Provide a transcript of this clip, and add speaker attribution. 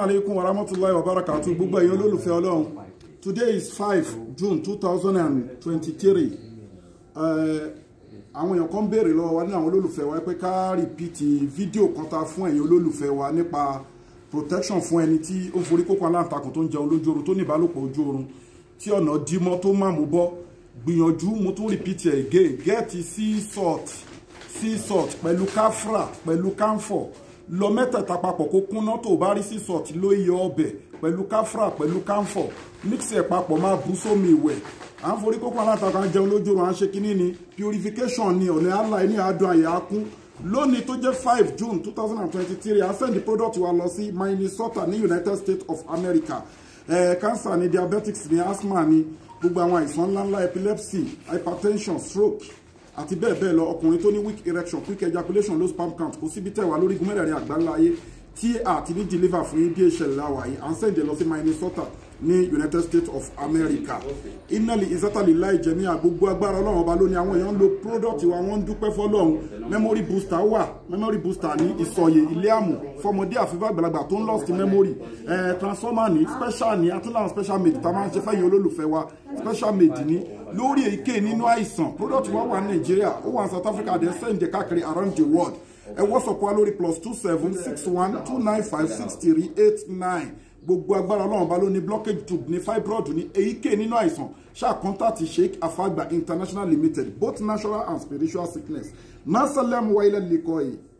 Speaker 1: alaikum warahmatullahi wabarakatuh gbogbo ẹ̀yin olólùfẹ́ ọlọ́run today is five june two thousand and twenty-three eh, àwọn èèyàn kan béèrè lọ́wọ́ wa ní àwọn olólùfẹ́ wa pé ká rìpíìtì fídíò kan ta fún ẹ̀yin olólùfẹ́ wa nípa protection fún ẹni tí ó forí kókó aláǹtakùn tó ń jẹun lójú oorun tó ní ìbálòpọ̀ ojú oorun tí ọ̀nà dímọ́ tó má mú bọ́ gbìyànjú mo tún rìpíìtì ẹ̀ gẹ́ẹ̀tì sea salt sea salt pẹ̀lú káfrà pẹ̀lú camphor lọ mẹ́tẹ̀ẹ̀ta papọ̀ kó kúnná tó bá rí sísọ̀t ló yọ ọbẹ̀ pẹ̀lú káfrà pẹ̀lú káńfọ̀ mixẹ̀ ẹ̀ papọ̀ máa bú sómi ìwẹ̀ à ń forí kókó alátakò à ń jẹun lójú ọ̀run à ṣe kínní ni purification ni ọ̀nà àlà ní àádọ́ àyà á kún lónìí tó jẹ́ five june two thousand and twenty-three a send product wa lọ sí minnesota ní united states of america eh, cancer ni diabetics ni asthma ni gbogbo àwọn àìsàn ńláńlá epilepsy hypertension stroke àti bẹ́ẹ̀ bẹ́ẹ̀ lọ ọkùnrin tó ní weak erection quick ejaculation low sperm count kò síbi tẹ̀wá lórí gun mẹ́rẹ̀ẹ̀rin àgbáńlá ayé tí a ti deliver fún yín bí ìṣẹ̀lẹ̀ láwa yìí à ń sẹ́ǹdẹ̀ lọ sí Minnesota ní United States of America inali isatali láì jẹ̀mí àgbogbo agbára ọlọ́run ọba lónìí àwọn èèyàn lo product wa wọ́n ń dúpẹ́ fọlọ́run memory booster wà memory booster ní ìsọ̀yè ilé àmù fọmọdé àfífà àgbàlagbà tó ń lost memory eh, transformer ní special ní atúnláwọn special made tá a máa ń ṣe fẹ́yìn olólùfẹ́ wa special made ní lórí èyíkéyìí nínú àìsàn product wa wà ní Nàìjíríà ó wà South Africa dẹ̀ sẹ́ǹdẹ̀ káàkiri around the world ẹ wọ́sọ̀ pa lórí plus two seven six one two nine five six three eight nine gbogbo agbára ọlọ́run ba ló ní blockage tube ní fibroid ní èyíkéyìí nínú àìsàn ṣáà kọ́ńtàtì sheikh afagba international limited both natural and spiritual sickness nasalem wa ilẹ̀ likọ́ yìí.